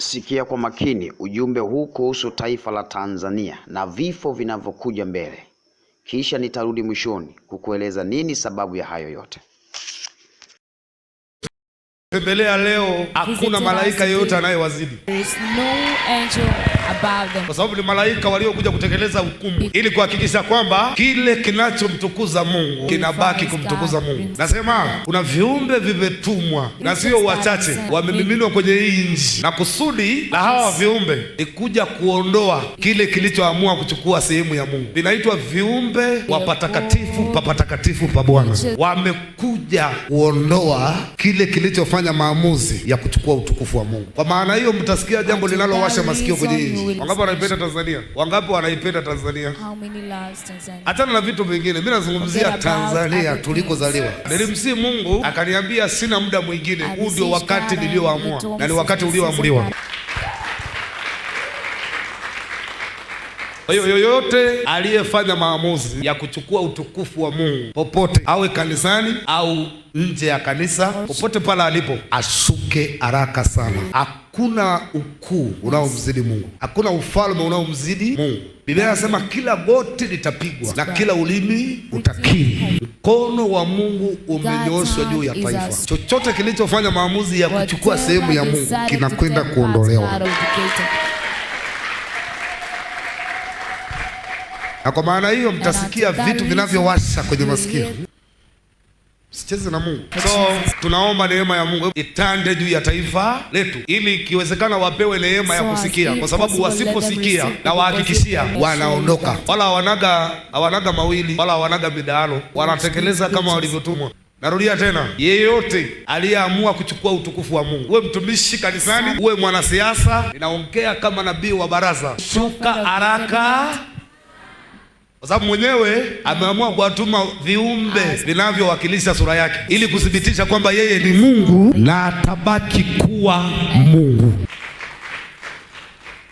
Sikia kwa makini ujumbe huu kuhusu taifa la Tanzania na vifo vinavyokuja mbele, kisha nitarudi mwishoni kukueleza nini sababu ya hayo yote. Tembelea leo, hakuna malaika yeyote anayewazidi. There is no angel kwa sababu ni malaika waliokuja kutekeleza hukumu ili kuhakikisha kwamba kile kinachomtukuza Mungu kinabaki kumtukuza Mungu. Nasema kuna viumbe vimetumwa na sio wachache, wamemiminwa kwenye hii nchi, na kusudi la hawa viumbe ni kuja kuondoa kile kilichoamua kuchukua sehemu ya Mungu. Vinaitwa viumbe wa patakatifu pa patakatifu pa Bwana, wamekuja kuondoa kile kilichofanya maamuzi ya kuchukua utukufu wa Mungu. Kwa maana hiyo, mtasikia jambo linalowasha masikio kwenye nchi wangapi wanaipenda Tanzania? Wangapi wanaipenda Tanzania? How many loves Tanzania? na vitu vingine, mimi nazungumzia Tanzania tulikozaliwa. Nilimsihi Mungu akaniambia, sina muda mwingine, huu ndio wakati nilioamua, na ni wakati ulioamuliwa. Kwa hiyo yoyote aliyefanya maamuzi ya kuchukua utukufu wa Mungu popote, awe kanisani au nje ya kanisa, popote pale alipo, ashuke haraka sana hakuna ukuu unaomzidi Mungu, hakuna ufalme unaomzidi Mungu. Biblia inasema kila goti litapigwa na kila ulimi utakiri. Mkono wa Mungu umenyooshwa juu ya taifa. Chochote kilichofanya maamuzi ya kuchukua sehemu ya Mungu kinakwenda kuondolewa. Na kwa maana hiyo mtasikia vitu vinavyowasha kwenye masikio. Sicheze na Mungu. So tunaomba neema ya Mungu itande juu ya taifa letu, ili ikiwezekana wapewe neema ya kusikia, kwa sababu wasiposikia, na wahakikishia wanaondoka, wala hawanaga hawanaga mawili wala hawanaga midahalo, wanatekeleza kama walivyotumwa. Narudia tena, yeyote aliyeamua kuchukua utukufu wa Mungu, uwe mtumishi kanisani, uwe mwanasiasa, inaongea kama nabii wa baraza, shuka haraka kwa sababu mwenyewe ameamua kuwatuma viumbe vinavyowakilisha sura yake ili kuthibitisha kwamba yeye ni Mungu na atabaki kuwa Mungu.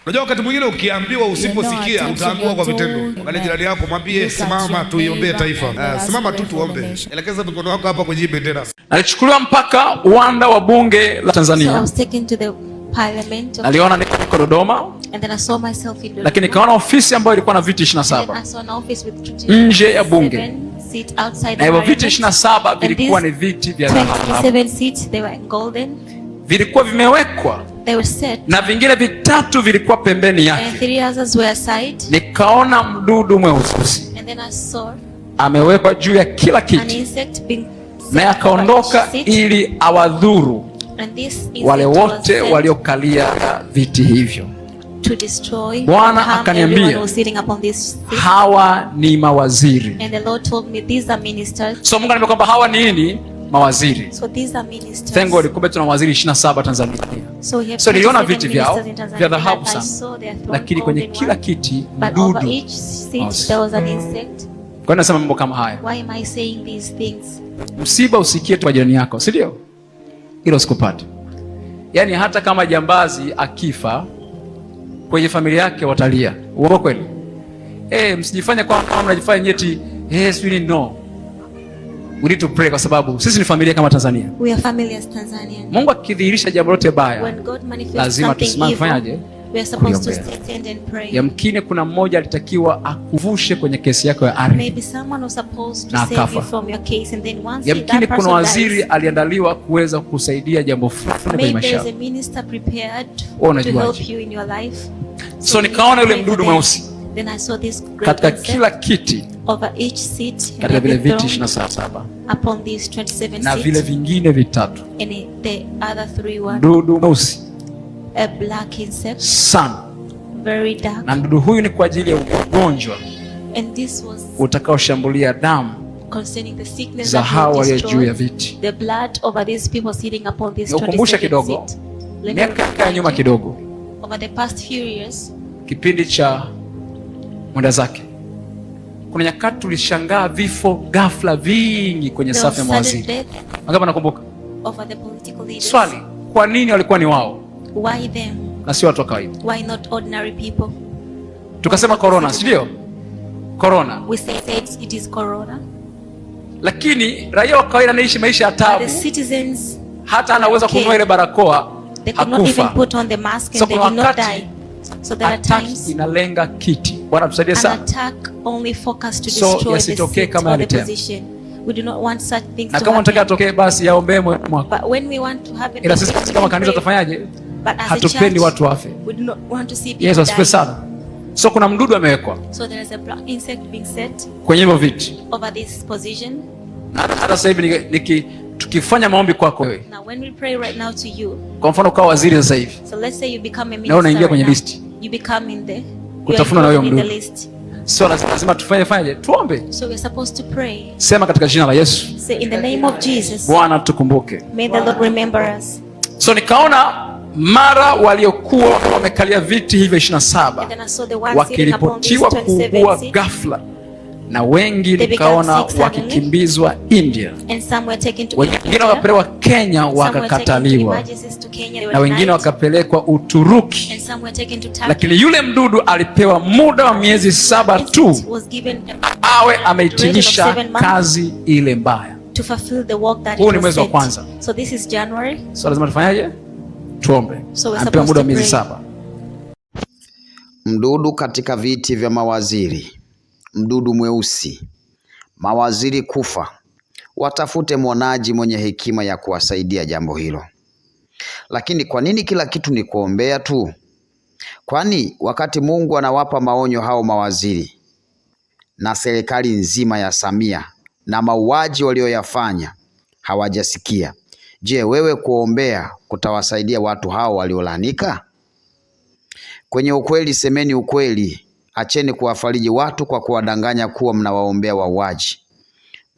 Unajua, wakati mwingine ukiambiwa usiposikia utaambiwa kwa vitendo. Angalia jirani yako, mwambie simama, tuiombee taifa. Uh, simama tu tuombe. Elekeza mikono yako hapa kwenye bendera. Alichukuliwa mpaka uwanda wa bunge la Tanzania. So aliona niko Dodoma, lakini nikaona ofisi ambayo ilikuwa na viti 27 nje ya bunge na hivyo viti 27 vilikuwa ni viti vya dhahabu, vilikuwa vimewekwa na vingine vitatu vilikuwa pembeni yake. Nikaona mdudu mweusi amewekwa juu ya kila kitu, naye akaondoka ili awadhuru wale wote waliokalia viti hivyo. Bwana akaniambia hawa ni mawaziri. So Mungu anambia kwamba hawa ni nini? Mawaziri. So thank God, tuna mawaziri 27 Tanzania. So, so niliona viti vyao vya dhahabu sana, lakini kwenye kila kiti mdudu. Kwa nasema mambo kama haya? Msiba usikie tu jirani yako, sindio hilo sikupata. Yaani hata kama jambazi akifa kwenye familia yake watalia. Uongo kweli? Eh, msijifanye kwa kama mnajifanya nyeti. Eh, sio no. We need to pray kwa sababu sisi ni familia kama Tanzania. We are family as Tanzania. Mungu akidhihirisha jambo lote baya, lazima tusimame, fanyaje? yamkine kuna mmoja alitakiwa akuvushe kwenye kesi yako ya ardhi na akafa. Yamkine kuna waziri aliandaliwa kuweza kusaidia jambo fulani kwenye maisha yako. So nikaona yule mdudu mweusi katika kila kiti katika vile viti ishirini na saba na vile vingine vitatu, mdudu mweusi a black insect, sana very dark. Na mdudu huyu ni kwa ajili ya ugonjwa and this was utakaoshambulia damu concerning the sickness za hawa walio juu ya viti. kumbusha kidogo miaka ya nyuma kidogo, over the past few years kipindi cha mwenda zake, kuna nyakati tulishangaa vifo ghafla vingi kwenye safu ya mawaziri. Wangapi wanakumbuka? Swali, kwa nini walikuwa ni wao? Why them? Na si watu wa kawaida. Why not ordinary people? Tukasema corona, si ndio? Corona. We say that it is corona. Lakini raia wa kawaida anaishi maisha ya taabu. The citizens hata anaweza kuvaa ile barakoa They could not even put on the mask and So they did not die. So kuna wakati attack inalenga kiti. Bwana tusaidie sana. An attack only to destroy So yes, the okay, yasitokee kama yalitokea. We do not want such things to happen. Na kama unataka atokee basi yaombee mwako. Ila sisi kama kanisa tutafanyaje? Hatupendi watu wafe. Yesu asifiwe sana. So kuna mdudu amewekwa kwenye hivyo viti. Hata sasa hivi niki tukifanya maombi kwako kwa mfano ukawa waziri sasa hivi na unaingia kwenye listi, utafuna na huyo mdudu. So lazima tufanye fanye, tuombe. Sema katika jina la Yesu. Bwana tukumbuke. So nikaona mara waliokuwa wamekalia viti hivyo 27 wakiripotiwa kuugua ghafla na wengi nikaona wakikimbizwa India, wengine wakapelekwa Kenya wakakataliwa, na wengine wakapelekwa Uturuki. Lakini yule mdudu alipewa muda wa miezi saba tu awe amehitimisha kazi ile mbaya. Huu ni mwezi wa kwanza, so lazima tufanyaje? Tuombe. So anapewa muda wa miezi saba. Mdudu katika viti vya mawaziri, mdudu mweusi, mawaziri kufa. Watafute mwonaji mwenye hekima ya kuwasaidia jambo hilo. Lakini kwa nini kila kitu ni kuombea tu? Kwani wakati Mungu anawapa maonyo hao mawaziri na serikali nzima ya Samia na mauaji walioyafanya hawajasikia. Je, wewe kuombea kutawasaidia watu hao waliolanika? Kwenye ukweli, semeni ukweli. Acheni kuwafariji watu kwa kuwadanganya kuwa mnawaombea wauaji.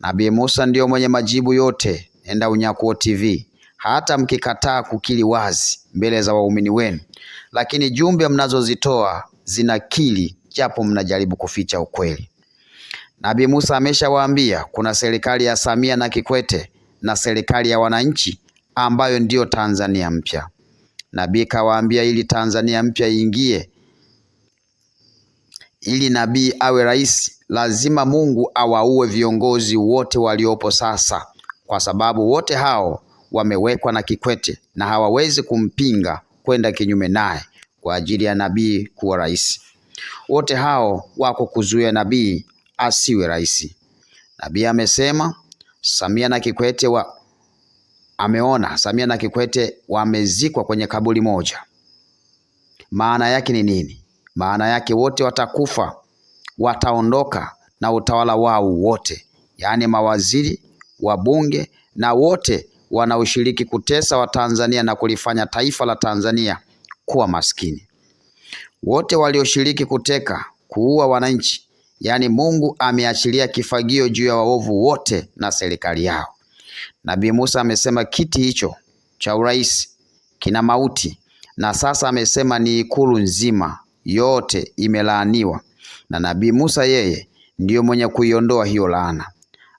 Nabii Musa ndiyo mwenye majibu yote. enda Unyakuo TV. Hata mkikataa kukili wazi mbele za waumini wenu, lakini jumbe mnazozitoa zinakili, japo mnajaribu kuficha ukweli. Nabii Musa ameshawaambia kuna serikali ya Samia na Kikwete na serikali ya wananchi ambayo ndiyo Tanzania mpya. Nabii kawaambia ili Tanzania mpya iingie, ili nabii awe rais, lazima Mungu awaue viongozi wote waliopo sasa, kwa sababu wote hao wamewekwa na Kikwete na hawawezi kumpinga kwenda kinyume naye kwa ajili ya nabii kuwa rais. Wote hao wako kuzuia nabii asiwe rais. Nabii amesema Samia na Kikwete wa ameona Samia na Kikwete wamezikwa kwenye kaburi moja. Maana yake ni nini? Maana yake wote watakufa, wataondoka na utawala wao wote, yaani mawaziri, wabunge na wote wanaoshiriki kutesa Watanzania na kulifanya taifa la Tanzania kuwa maskini, wote walioshiriki kuteka, kuua wananchi Yaani Mungu ameachilia kifagio juu ya waovu wote na serikali yao. Nabii Musa amesema kiti hicho cha urais kina mauti, na sasa amesema ni ikulu nzima yote imelaaniwa, na Nabii Musa yeye ndiyo mwenye kuiondoa hiyo laana.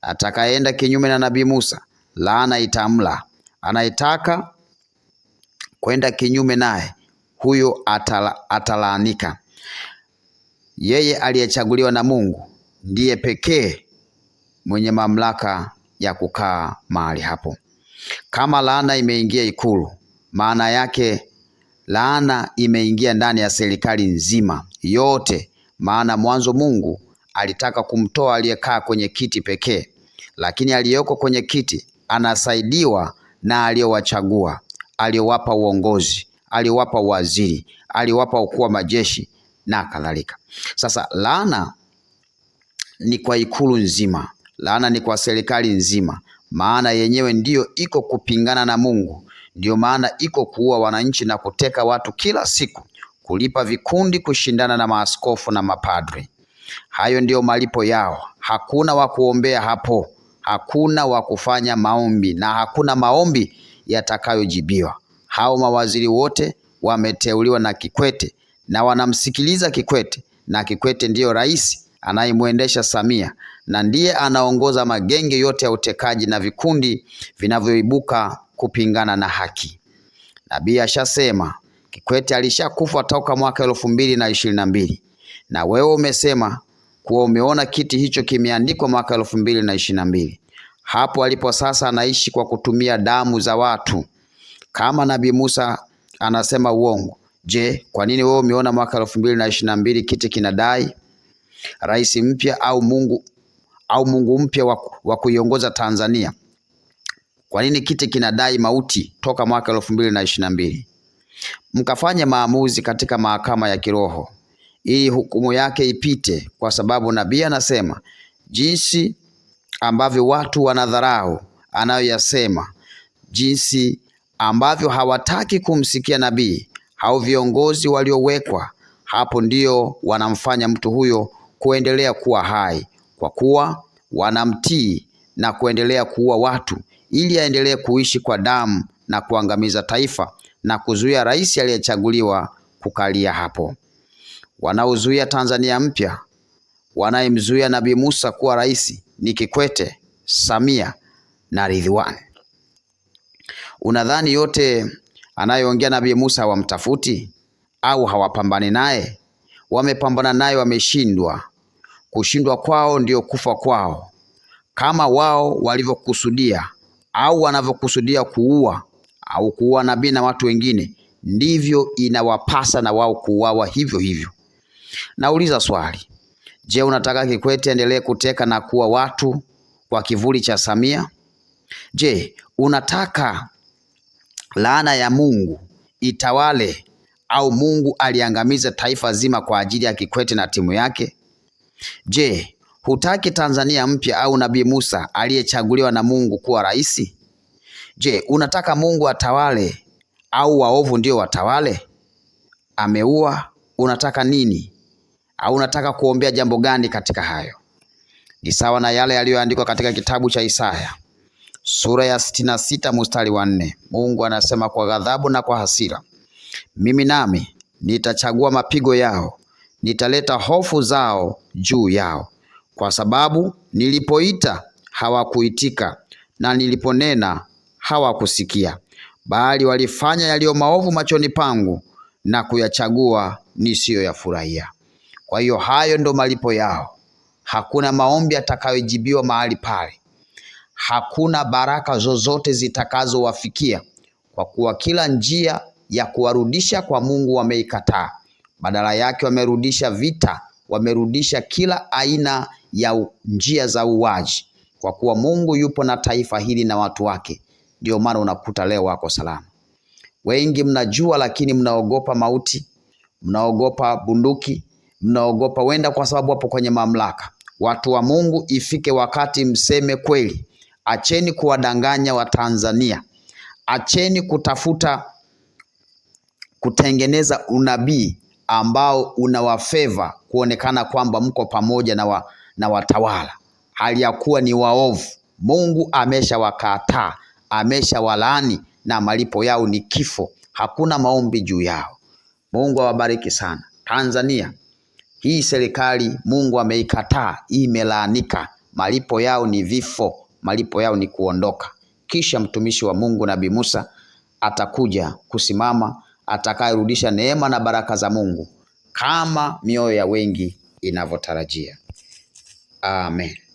Atakayeenda kinyume na Nabii Musa, laana itamla. Anayetaka kwenda kinyume naye, huyo atala, atalaanika. Yeye aliyechaguliwa na Mungu ndiye pekee mwenye mamlaka ya kukaa mahali hapo. Kama laana imeingia Ikulu, maana yake laana imeingia ndani ya serikali nzima yote, maana mwanzo Mungu alitaka kumtoa aliyekaa kwenye kiti pekee, lakini aliyoko kwenye kiti anasaidiwa na aliyowachagua, aliyowapa uongozi, aliyowapa uwaziri, aliyowapa ukuu wa majeshi na kadhalika. Sasa laana ni kwa ikulu nzima, laana ni kwa serikali nzima, maana yenyewe ndiyo iko kupingana na Mungu, ndiyo maana iko kuua wananchi na kuteka watu kila siku, kulipa vikundi, kushindana na maaskofu na mapadri. Hayo ndiyo malipo yao. Hakuna wa kuombea hapo, hakuna wa kufanya maombi na hakuna maombi yatakayojibiwa. Hao mawaziri wote wameteuliwa na Kikwete na wanamsikiliza Kikwete, na Kikwete ndiyo rais anayemwendesha Samia na ndiye anaongoza magenge yote ya utekaji na vikundi vinavyoibuka kupingana na haki. Nabii ashasema Kikwete alishakufa toka mwaka elfu mbili na ishirini na mbili na wewe umesema kuwa umeona kiti hicho kimeandikwa mwaka elfu mbili na ishirini na mbili hapo alipo sasa anaishi kwa kutumia damu za watu. Kama Nabii Musa anasema uongo, Je, kwa nini wewe umeona mwaka elfu mbili na ishirini na mbili kiti kinadai rais mpya au Mungu au Mungu mpya wa kuiongoza Tanzania? Kwa nini kiti kinadai mauti toka mwaka elfu mbili na ishirini na mbili? mkafanya maamuzi katika mahakama ya kiroho ili hukumu yake ipite, kwa sababu nabii anasema jinsi ambavyo watu wanadharau anayoyasema, jinsi ambavyo hawataki kumsikia nabii au viongozi waliowekwa, hapo ndio wanamfanya mtu huyo kuendelea kuwa hai, kwa kuwa wanamtii na kuendelea kuua watu ili aendelee kuishi kwa damu na kuangamiza taifa na kuzuia rais aliyechaguliwa kukalia hapo. Wanaozuia Tanzania mpya, wanayemzuia Nabii Musa kuwa rais ni Kikwete, Samia na Ridhiwani. Unadhani yote anayeongea Nabii Musa hawamtafuti au hawapambani naye? Wamepambana naye, wameshindwa. Kushindwa kwao ndiyo kufa kwao. Kama wao walivyokusudia au wanavyokusudia kuua au kuua nabii na watu wengine, ndivyo inawapasa na wao kuuawa hivyo hivyo. Nauliza swali, je, unataka Kikwete endelee kuteka na kuua watu kwa kivuli cha Samia? Je, unataka laana ya Mungu itawale au Mungu aliangamiza taifa zima kwa ajili ya Kikwete na timu yake? Je, hutaki Tanzania mpya au Nabii Musa aliyechaguliwa na Mungu kuwa rais? Je, unataka Mungu atawale au waovu ndio watawale? Ameua, unataka nini? Au unataka kuombea jambo gani katika hayo? Ni sawa na yale yaliyoandikwa katika kitabu cha Isaya sura ya sitini na sita mstari wa nne. Mungu anasema kwa ghadhabu na kwa hasira, mimi nami nitachagua mapigo yao, nitaleta hofu zao juu yao, kwa sababu nilipoita hawakuitika, na niliponena hawakusikia, bali walifanya yaliyo maovu machoni pangu na kuyachagua nisiyoyafurahia. Kwa hiyo hayo ndo malipo yao. Hakuna maombi atakayojibiwa mahali pale hakuna baraka zozote zitakazowafikia kwa kuwa kila njia ya kuwarudisha kwa Mungu wameikataa. Badala yake wamerudisha vita, wamerudisha kila aina ya njia za uwaji, kwa kuwa Mungu yupo na taifa hili na watu wake. Ndio maana unakuta leo wako salama. Wengi mnajua, lakini mnaogopa mauti, mnaogopa bunduki, mnaogopa wenda, kwa sababu hapo kwenye mamlaka. Watu wa Mungu, ifike wakati mseme kweli, Acheni kuwadanganya Watanzania, acheni kutafuta kutengeneza unabii ambao unawafeva kuonekana kwamba mko pamoja na, wa, na watawala hali ya kuwa ni waovu. Mungu ameshawakataa, ameshawalaani na malipo yao ni kifo. Hakuna maombi juu yao. Mungu awabariki sana. Tanzania hii serikali Mungu ameikataa, imelaanika. Malipo yao ni vifo malipo yao ni kuondoka. Kisha mtumishi wa Mungu Nabii Musa atakuja kusimama, atakayerudisha neema na baraka za Mungu kama mioyo ya wengi inavyotarajia. Amen.